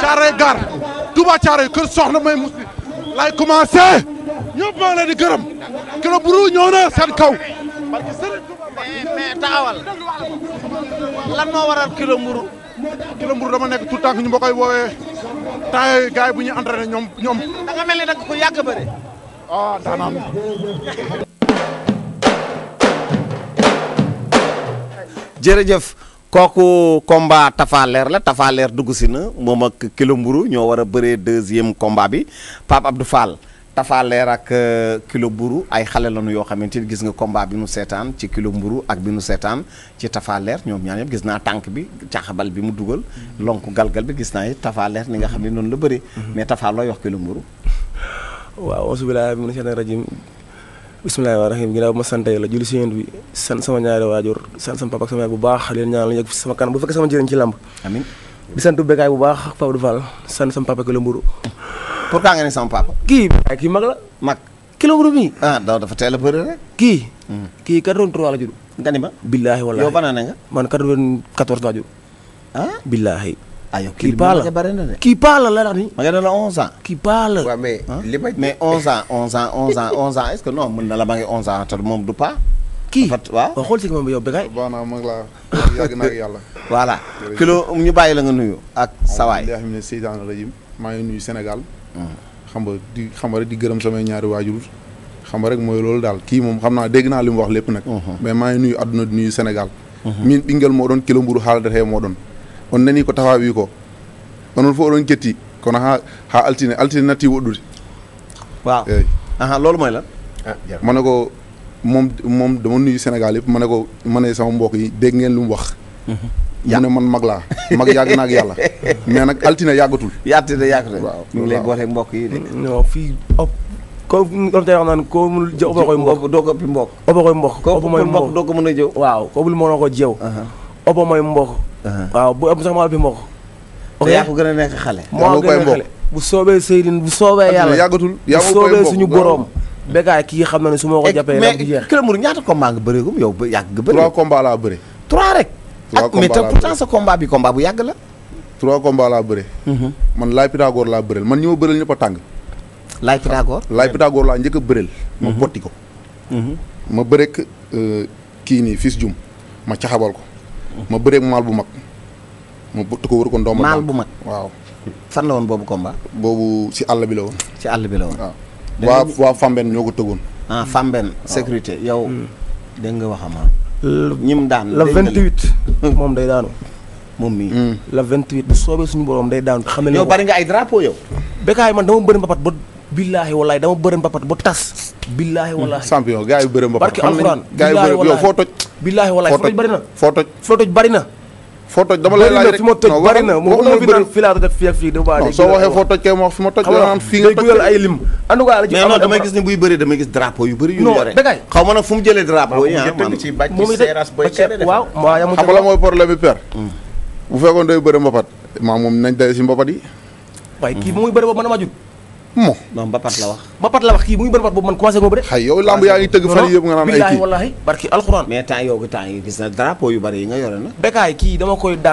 Caaroy gar Touba Caaroy kër soxna may musli lay commencé ñëpp maa ngi leen di gërëm kilo buru ñëw seen kaw mais taxawal lan moo waral kilo mburu kilo mburu dama nekk tout le ñu ma koy woowee temps bu ñuy entraîné ñoom ñoom da nga mel ni da nga yàgg a kooku combat tafaleer la tafaleer dugg si na moom ak kilo mburu ñoo war a bëree deuxième combat bi Pape Abdou Fall tafaleer ak euh, kilo mburu ay xale lañu yoo xamante ni gis nga combat bi nu seetaan ci kilo mburu ak bi nu seetaan ci tafaleer ñoom ñaar ñëpp gis naa tànk bi caaxabal bi mu dugal mm-hmm. lonk galgal bi gis naa it tafaleer ni nga xam ne noonu la bëri mm-hmm. mais tafa looy wax kilo mburu waaw auzu billaahi mina shaytaani rajiim bisimilah wa rahim ginnaaw ma sant yàlla julli si yéen bi sant sama ñaari waajur sant sama papa ak sama yaay bu baax leen ñaan la yegg sama kan bu fekkee sama njëriñ ci làmb di sant Bécaye bu baax ak Pape Fall sant sama papa Kilo Mbourou pourtant nga ne sama papa kii ay kii mag la mag Kilo Mbourou mii ah daw dafa teel a bëri rek kii hmm. kii 83 la judd nga ni ma billaahi wallaahi yow banaa na nga man 94 laa judd ah billaahi aywa kii parle kii parle la la ni. ma nga ans. kii parle. mais li may mais 11 ans 11 ans 11 ans 11 ans est no que non mën na la ma ngi 11 ans moom du pas. kii waaw xool si moom yow Bécaye. bon naa mag laa yàgg naa ak yàlla. voilà kilo ñu uh-huh. bàyyi la nga nuyu. ak sawaay alhamdulilah mina seytaani rajim maa ngi nuyu Sénégal. xam nga di xam nga rek di gërëm samay ñaari waajur. xam nga rek mooy loolu daal kii moom xam naa dégg naa li mu wax lépp nag. mais maa ngi nuyu àdduna di nuyu Sénégal. miin bi moo doon kilo mburu xaalis moo doon on nani ko tafa wi ko onon fof oɗon jetti kono ha ha altine altine natti woɗɗude waaw loolu mooy la ah, mana ko moom dama nuyu Sénégal yëpp ma ne ko ma ne sama mbokk yi dégg ngeen lu mu wax mm-hmm. mu man mag laa mag yàgg na ak yàlla mais nag altine yàggatul altine yàggatul waaw ñu lay boolee mbokk yi de mm, fii op ko om mooy mbokk doo ko mën a jëw waaw ko bul mënoo ko jëw oba mooy mbokk Uh-huh. waaw bu am sax ma ëppi ma ko. ko gën nekk xale. moo gën bu soobee Seydine bu soobee yàlla yàggatul bu soobee suñu boroom. Bécaye kii xam na ne su ma ko eh, jàppee. mais Kër Mour ñaata combat nga bëreegum yow ba yàgg nga bëri. trois combats laa bëri. Ah, sa combat bi combat bu yàgg la. trois combats mhm. man laay Pythagore laa bëreel man ñëw ma bëreel ñëpp a tàng. laay Pythagore laay Pythagore laa njëkk a bëreel. ma mhm. botti ko. Mhm. ma bëreeg euh, kii nii Fils Dioum ma caxabal ko. ma bëreeg maal bu mag. ma bëtt ko wër ko ndoom maal bu mag waaw. fan la woon boobu combat. boobu si àll bi la woon. si àll bi la woon waaw. waa waa Fambène ko tëggoon. ah Fambène sécurité yow. Hmm. dégg nga wax ma. ñim daan la 28. moom day daanu. moom mii. la 28 bu soobee suñu borom day daanu xam ne. yow bari nga ay drapeau yow. Bécaye man dama bëri mbapat ba. billaahi wallaahi dama bëri mbapat ba tas. billaahi hmm. wallaahi champion gars yi bëri barki alxuraan foo toj. billaahi walaay foo toj bari na foo toj foo toj bari na foo toj dama lay laaj fi ma toj bari na moom ma fi naan fii laa toj fii ak fii dafa soo waxee foo toj kay ma wax fi ma toj naan fii nga toj ma nag fu mu jëlee yi moom it ah, waaw xam nga hmm. si mbapat yi waaye kii bu muy bëri boobu mën a ma moom mbapat la wax mbapat la wax kii mu ngi mbapat boobu man commencé ko bëre xay yow lamb yaa ngi tëgg fan yëpp nga naan ay kii wallahi alxuraan mais temps yow temps yi yi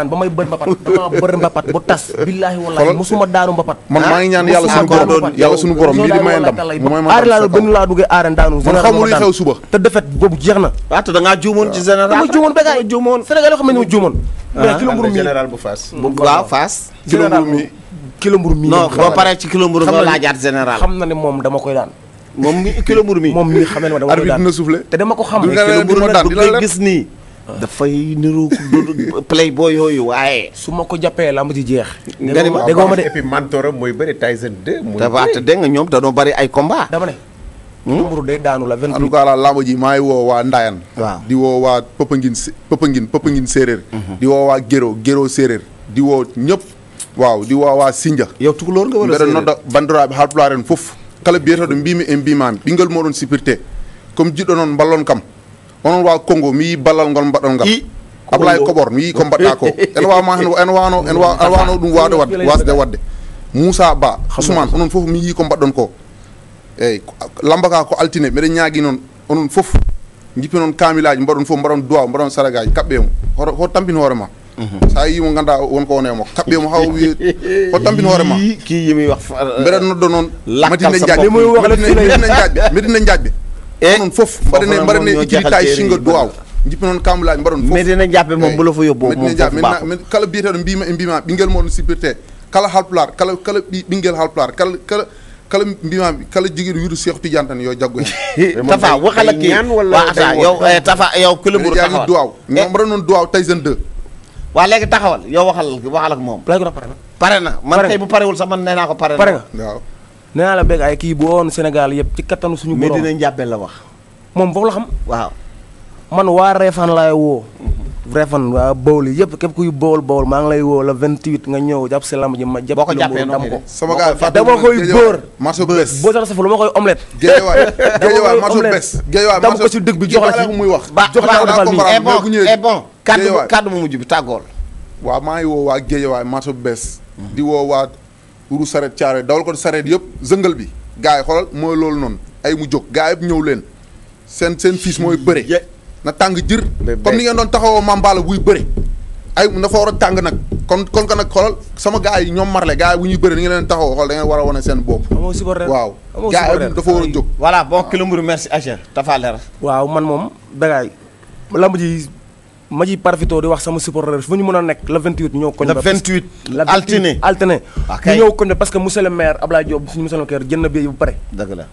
ba may bër mbapat bu tas billahi wallahi musuma daanu mbapat man maa ngi ñaan yàlla suñu borom mii di may ndam mu may ma aar laa duggee aaren daanu man xamul xew suba te defet boobu jeex na waaw te da juumoon ci général dama juumoon ah, bu faas faas kilo kilo mburu mii. non boo paree ci kilo mburu nga laajaat général. xam na ne moom dama koy daan. moom kilo mburu mii moom mii xam na ne dama koy daan arbitre dina ko xam. du kilo mburu nag bu koy gis nii. dafay niru play boo yooyu waaye. su ma ko jàppee làmb ji jeex. nga ni ma dégg ma de et puis Mantora mooy bëri Tyson 2. muy bëri dégg nga ñoom dañoo bëri ay combat. dama ne. numéro hmm? day daanu la 28 en tout cas làmb ji maa ngi woo waa Ndayan. waaw di woo waa Popenguine Popenguine Popenguine séeréer. Mhm. di woo waa Géro Géro séeréer. di woo ñëpp waaw ɗi wawa sindia yewtukolor nga mbeɗa nodda bandiraɓe haalpulaar en fof kala biyeteɗo mbimi e mbimami ɓinguel moɗon sipirte comme jiɗɗo noon ballon kam onon wawa kongo mi yi ballal ngol mbaɗon ngal koɓor mi ko mbaɗɗa ko ene wawma hen en wano ɗum wawde wadde wasde wadde ba ousmane onon foof mi ko mbaɗɗon ko lamba ka ko altine mbeɗa ñaagui noon onon foof jippi noon kamilaji mbaɗon foof mbaɗon duwa mbaɗon kaɓɓe mo ho tampin hoore ma Mhm. sa yimo ganda wonko wonemo kaɓɓemo haw wi hottanpin hoorema ki yimi wax mbeɗa nodda noon madina jaɓɓe medina jaɓɓe eh, medina jaɓɓe onon foof mbaɗane mbaɗane utilita e singa duwaw jippi noon kamulaji mbaɗon fof medina jaɓɓe moom mbolo fo yobbo medina jaɓɓe kala biyeteɗo mbima e mbima ɓinguel moɗon kala halpular kala kala ɓi kala kala kala mbimami kala tan yo jaggo tafa waxalaki wa ata yow eh, tafa yow kulemour taxawa duwaw eh, mbaɗa noon duwaw taysen 2 waa léegi taxawal yow waxal waxal ak moom. Laye Gora pare na. pare na man tey bu parewul sax man nee naa ko pare na. pare nga nee naa la bëgg ay kii bu woon Sénégal yëpp ci kattanu suñu. borom mais dinañ jàppale la wax. moom foofu la xam. waaw man waa Réfane laay woo. refan waa bool yi yëpp képp kuy bool bool maa ngi lay woo la 28 nga ñëw jàpp si lamb ji ma jàpp dam ko sama gars fàtte ma koy omelette géewaay géewaay marché ko si la wax jox la ko defal nii mu mujj bi tàggool waaw maa ngi woo waa géewaay marché bés di woo waa uru saret caare dawal ko saret yëpp zëngal bi gars yi xoolal mooy loolu noonu ay mu jóg gars yëpp ñëw leen seen seen fiis mooy bëre na tàng jër. comme ni ngeen doon taxawoo mambaala buy bëre. ay na fa war a tàng nag kon kon ko nag xoolal sama gars yi ñoom marle gars yi bu ñuy bëri ni ngeen leen taxawoo xool da ngeen war a wane seen bopp. waaw gars yi dafa war a jóg. voilà bon Kilombour merci agent Tapha Leer waaw man moom dagaay lamb ji ma di wax sama supporter fu ñu mën a nekk le 28 ñëw koñ. le 28 altiné altiné. parce que monsieur le maire Abdoulaye suñu monsieur le maire na billet bu pare.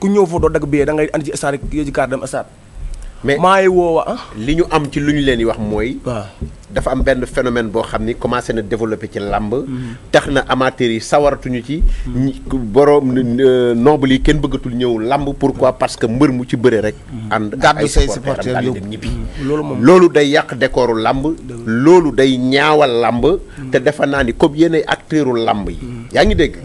ku ñëw foofu mais maa ngi woowa ah. li ñu am ci lu ñu leen di wax mooy. waaw dafa am benn phénomène boo xam ni commencé na développé ci làmb. Mm-hmm. tax na amateurs yi sawaratuñu ci. borom euh, noble yi kenn bëggatul ñëw làmb quoi mm-hmm. parce que mbër mu ci bëre rek. Mm-hmm. ànd ak ay supporteurs am dem ñibbi. loolu moom loolu day yàq décoru làmb. loolu day ñaawal làmb. te defa naa ni comme yéen ay acteuru làmb yi. yaa ngi dégg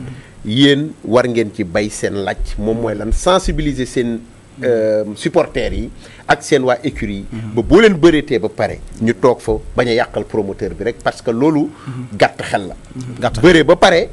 yéen war ngeen ci bay seen laaj moom mooy lan sensibiliser seen. Euh, supporters yi ak seen waa écurie yi ba boo leen bëreetee ba pare ñu toog fa bañ a yàqal promoteur bi rek parce que loolu gàtt xel la bëree ba pare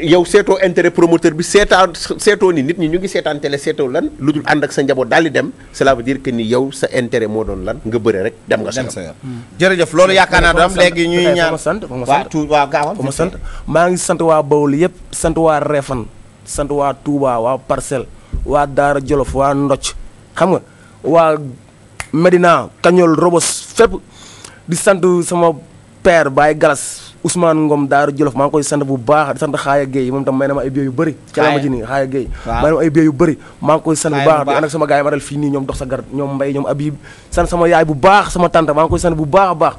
yow seetoo intérêt promoteur bi seetaan seetoo ni nit ñi ñu ngi seetaan télé seetoo lan lu dul ànd ak sa njaboot daal di dem cela veut dire que ni yow sa intérêt moo doon lan nga bëre rek dem nga sa yoon jërëjëf loolu yaakaar naa dam léegi ñuy ñaan sant waa tu waa gaawam ma sant maa ngi sant waa Bawol yëpp sant waa Refan sant waa Touba waa Parcelles waa Daara Jolof waa Ndoc xam nga waa Medina Kañol Robos fépp di sant sama père Baye Galas Ousmane Ngom Daara Jolof maa ngi koy sant bu baax di sant Xaaya Gueye moom tam may ma ay biir yu bëri. Xaaya ma ji nii Xaaya Gueye. may maa ngi koy sant bu baax di ànd ak sama ma dal fii nii ñoom dox sa gar ñoom Mbaye ñoom Habib. yaay bu baax sama tànt maa ngi koy sant bu baax a baax.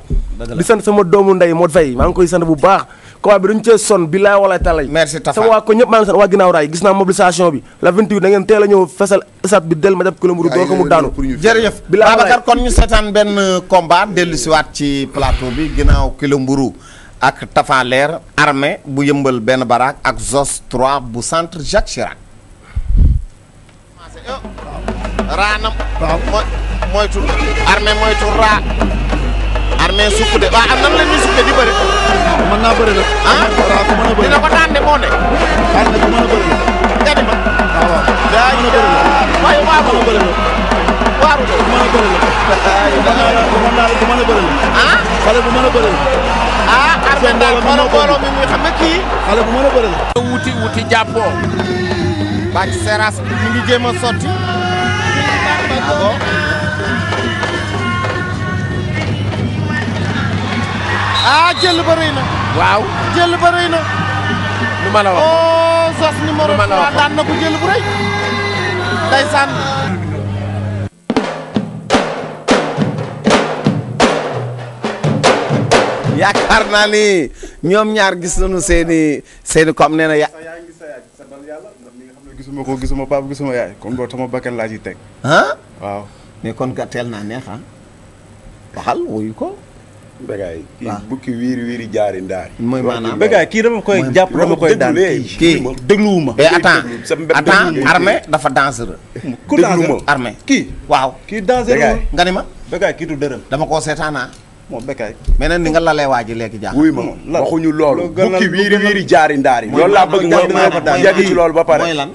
di sant sama doomu ndey Modou Faye maa ngi koy sant bu baax. combat bi dañu cee sonn billaay wala talay merci Tafa sama waa ko ñëpp maa ngi sant waa ginnaaw raay bi la a ñëw fesal kon ñu seetaan benn combat dellu siwaat ci plateau bi ginnaaw kilomètre ak Tafa Leer bu yëmbal benn baraak ak Zos 3 bu centre Jacques Chirac oh. raanam armée sukk de waaw am nan la ñuy di bëri. mën naa bëri nag. ah waaw ku mën a bëri ko daan de moo ne. armée ku mën a bëri ma. Ah, waaw waaw daa mën a bëri la. waaye waaw mën a bëri la. waaw ku mën a bëri la. mën naa ku ah? ah, wuti wuti jàppoo. bàcc seras mi ngi jéem a ah jël ba na. waaw jël ba na. lu ma la wax oh Zoss numéro 3 daan na ko jël bu rëy. naa ni ñoom ñaar gis nañu seen i seen i comme nee ya. gisuma ko gisuma baab gisuma yaay kon boo sama bakkan laa ci teg. ah waaw. neex ah. waxal wuyu ko. Bécaye kii bukki wiiri wiiri jaari ndaari mooy maanaam Bécaye kii dama koy jàpp dama koy daan kii dégluwuma et eh, attends attends armée dafa dangereux ku dangereux armée kii waaw kii dangereux nga ni ma Bécaye kii du dërëm dama koo seetaanaa ah. moom Bécaye mais nag ni nga lalee waa ji léegi jaax wuy ma ñu loolu bukki wiiri wiiri jaari ndaari loolu laa bëgg nga dina ko daan yàgg ci loolu ba pare mooy lan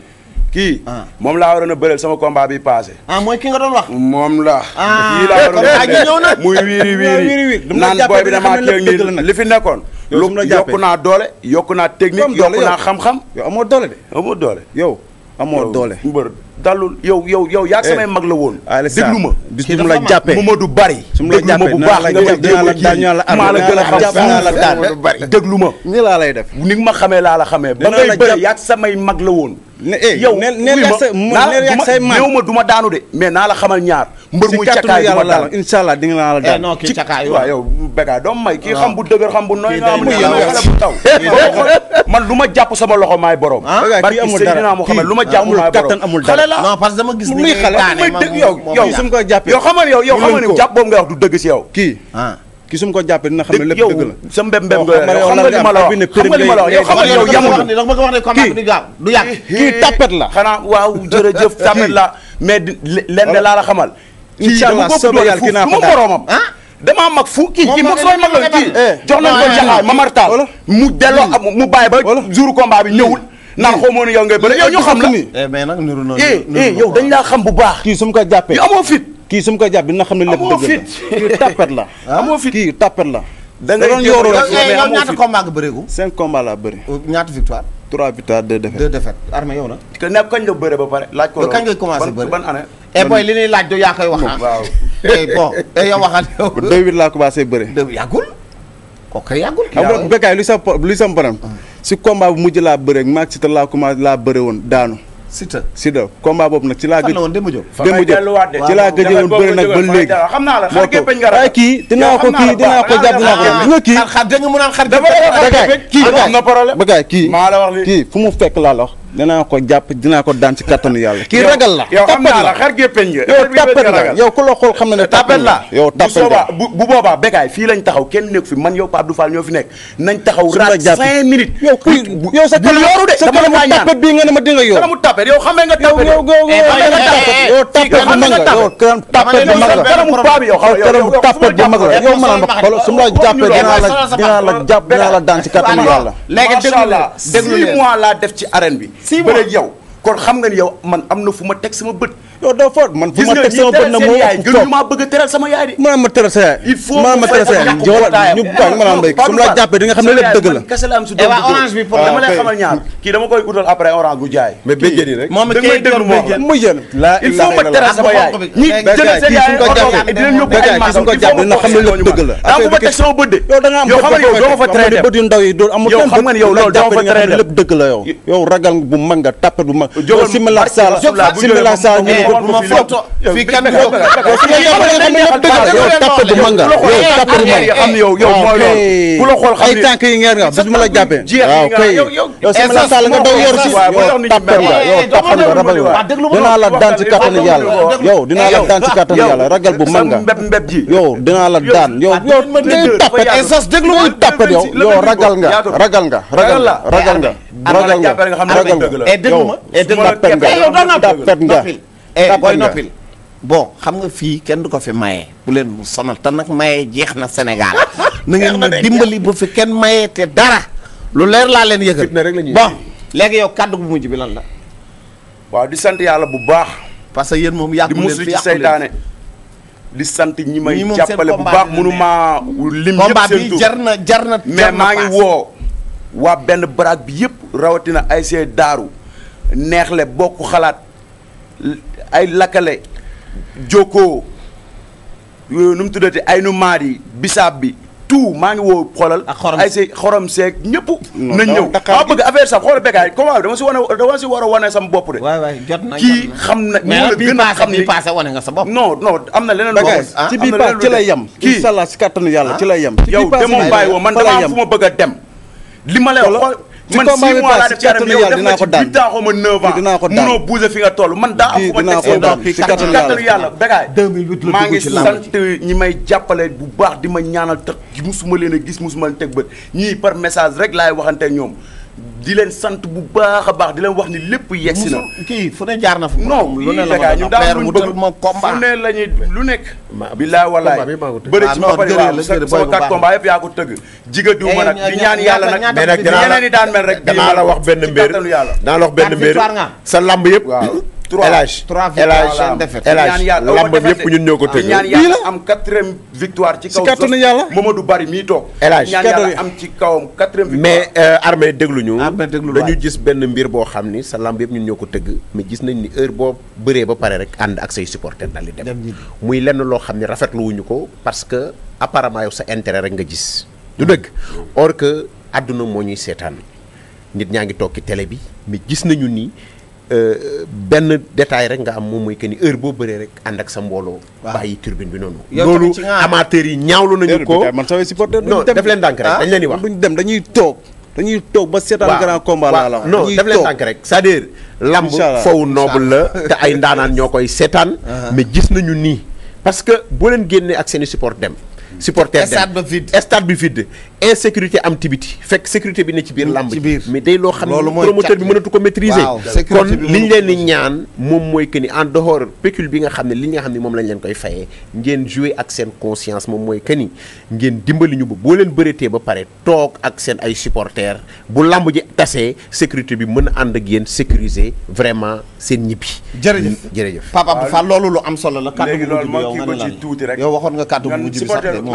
kii. Ah. moom laa waroon a bëreel sama combat bi passé. Ah, mooy ki nga doon wax. moom la. Ah. kii laa waroon a bëreel muy wiiri wiiri. naan booy bi damaa kii li nekkoon. yow su yokku naa doole yokku naa technique yokku naa xam-xam. yow amoo doole amoo doole yow. amoo doole mbër dalul yow yow yow yaa eh. samay mag la woon. déglu ma bis mu la jàppee Momadou Bari. su ma la la jàpp dinaa la daan la am ma. ni laa lay def ni nga ma xamee laa la xamee. ba ngay bëri yaat samay mag la woon. Eh, yow ma duma daanu de mais naa la xamal ñaar mbër muy cakaay duma daanu inshallah di nga naa la eh, daanu non kii cakaay waaw yow bégaa doom may kii ah. xam lu ma jàpp sama loxo maay borom ah. barki Seydina Muhammad lu ma jàpp maay borom xale la non parce que dama gis ni yow yow yow xamal yow yow xamal yow jàpp boobu nga wax du dëgg si yow kii ah. ki su ma ko jàppee dina xam ne lépp dëgg la sa mbem mbem nga xam nga li ma la wax xam nga li ma la wax yow xam nga yow yamul da nga wax ne combat bi du gaaw du yàgg kii tapet la xanaa waaw jërëjëf tapet la mais lenn laa la xamal incha allah soobee yàlla kii naa ko moroomam ah? damaa mag fu kii kii mag sooy mag la kii eh. jox nañ ko jaxaay Mamar Tall mu delloo mu bàyyi ba jour combat bi ñëwul naan xaw ma ne yow ngay bëri yow ñu xam la eh, mais nag niru noonu eh, yow dañ laa xam bu baax kii su ma ko jàppee yow amoo fit kii su ma koy jàpp dina xam ne lépp dëgg la kii tapet la. Ah? amoo fit kii tapet la. da ngay yoroo rek mais eh, amoo fit ñaata combat nga bëreegu. cinq combat laa bëri. Oh, ñaata victoire. trois victoires deux défaites. deux défaites armé yow na. te nekk kañ nga bëre ba pare laaj ko. kañ ngay commencé bëri ban année. eh booy li ñuy laaj do yaa koy wax ah. waaw eh bon eh yow waxaat sa luy ah. si combat bu mujj laa bëre maag si te laa commencé laa bëre woon daanu. Siteu Siteu combat boobu nag ci laa gëj. fan la ci laa gëjoon bëri nag ba léegi. xam naa la xar géppeñ nga ragal kii dinaa ko kii dinaa ko jàpp nga kii kii am na kii fu mu fekk laa la dinaa ko jàpp dinaa ko daan ci kattanu yàlla. kii ragal la yow am naa la xar géppeñ nga yow tapet la yow ku la xool xam na ne tapet la yow tapet la bu bu boobaa Bécaye fii lañ taxaw kenn nekk fi man yow Pape Abdou Fall ñoo fi nekk nañ taxaw raat cinq minutes yow kuy yow sa kanam sa kanamu tapet bii nga ne ma di nga yow kanamu tapet yow xamee nga tapet yow yow eh, tapet bu mag nga yow kanam tapet bu mag nga kanamu paa bi yow kanamu tapet bu mag nga yow mën ma xool su ma la jàppee dinaa la dinaa la jàpp dinaa la daan ci kattanu yàlla léegi déglu la déglu six mois laa def ci arène bi six mois bëreeg yow kon xam nga ni yow man am na fu ma teg sama bët yow doo fort man fu ma teg sama bët na moo ëpp toog maa bëgg a teral sama yaay de maa ma teral sa yaay il faut maa ma teral sa yaay wala ñu baax ma naam béy su ma la jàppee di nga xam ne lépp dëgg la kese la am su eh, dëgg orange bi pour dama lay ah, xamal ñaar kii dama koy utal après orange gu jaay mais béjjën yi rek moom kay déglu moom mu jël il faut ma teral sama yaay ñi jëlee sa yaay dinañ yóbbu ay maa suñ ko jàppee dina xam ne lépp dëgg la daa ma teg sama bët de yow da nga am yow xam nga yow doo ma fa traité bët yu ndaw yi doo amul yow xam nga yow loolu doo ma fa traité lépp dëgg la yow yow ragal bu mag nga tàppet bu mag simila sal simila sal xawal ma foto fii kenn du ko tapatu manga yow tapatu manga xam yow yow mooy loolu ku la xool xam ay tànk yi ngeen nga bis ma la jàppee waaw kay yow sama la sall nga daw yor si yow tapper nga yow tapper nga rabal nga dinaa la daan ci kàttanu yàlla yow dinaa la daan ci kàttanu yàlla ragal bu manga yow dinaa la daan yow yow day tapet essence déglu muy tapet yow yow ragal nga ragal nga ragal nga ragal nga ragal nga ragal nga yow tapet nga tapet nga eh booy noppil bon xam nga fii kenn du ko fi maye bu leen mu sonal te nag maye jeex na Sénégal na ngeen ma dimbali bu fi kenn mayee te dara lu leer laa leen yëgal bon léegi yow kàddu bu mujj bi lan la waaw di sant yàlla bu baax parce que yéen moom yàqu leen fi yàqu leen di sant ñi may jàppale bu baax mënumaa lim yëpp seen tur jar na jar na mais maa ngi woo waa benn baraag bi yëpp rawatina ay see daaru neexle bokk xalaat ay lakkale jokkoo yooyu nu mu tuddati ay nu maar yi bisaab bi tout maa ngi woo xoolal. ak xorom ay say xorom seeg ñëpp. nañ ñëw maa bëgg affaire sax xoolal a yi comment dama dama si war a wane sama bopp de. waay waay jot na kii xam na. mais nag a paase bii paase wane nga sa bopp. non non am na leneen. waxoon ci bii paase ci lay yem. kii incha allah si kattanu yàlla ci lay yem. ci bii paase yow demoo bàyyi woo man damaa fu ma bëgg a dem. li ma lay wax man 6 mois laa def ci arène yow def na ci ko daan munoo bouger fi nga toll man daa am fu ma teg seen doom ci kattanu yàlla békaay 2008 la maa ngi sant ñi may jàppale bu baax di ma ñaanal tax musuma leen a gis musuma leen teg bët ñii par message rek laay waxante ñoom di leen sant bu baax a baax di leen wax ni lépp yegsi na. kii fu ne jaar na fa. non lu ne la ma mu bëgg ma combat fu ne la lu nekk. billaay wallaay bëri ci ma bëri waaw sama quatre combat yëpp yaa ko tëgg. jiga diw ma nag di ñaan yàlla nag. mais nag dinaa la daan mel rek. dinaa la wax benn mbir dinaa la wax benn mbir sa lamb yëpp. trois trois victoires la am lamb yëpp ñun ñoo ko tëgg bii la am quatrième victoire ci kaw kàttanu yàlla Mamadou Bari mii toog ñaan yàlla am ci kawam quatrième victoire mais euh, armée ah, déglu ñu dañu gis benn mbir boo xam ni sa lamb yëpp ñun ñoo ko tëgg mais gis nañ ni heure boo bëree ba pare rek ànd ak say supporter daal di dem muy lenn loo xam ne rafetlu wuñu ko parce que apparemment yow sa intérêt rek nga gis du dëgg or que àdduna moo ñuy seetaan nit ñaa ngi toog ci télé bi mais gis nañu nii Euh, benn détail rek nga am moom mooy que ni heure boo bëree rek ànd ak sa mbooloo. waaw bàyyi turbine bi noonu. loolu amateur yi ñaawlu nañu ko man samay supporter non def leen dànk ah, dañ leen wax duñ dem dañuy toog. dañuy toog ba seetaan grand combat laa la wax non def leen tànk rek c'est-à-dire lamb foofu la te ay ndaanaan ñoo koy seetaan uh-huh. ma gis nañu nii parce que boo leen génnee ak seen i support dem supporter stade ba vide stade bi vide insécurité am ci fekk sécurité bi ne ci biir làmb ci biir day loo xam ne promoteur bi mënatu ko maîtriser kon li ñu leen di ñaan moom mooy que en dehors pécule bi nga xam ne li nga xam ne moom lañ leen koy fayee ngeen jouer ak seen conscience moom mooy que ngeen dimbali ñu ba boo leen bëreetee ba pare toog ak seen ay supporter bu làmb ji tasee sécurité bi mën ànd ak yéen sécuriser vraiment seen ñibbi bi yow nga ne lan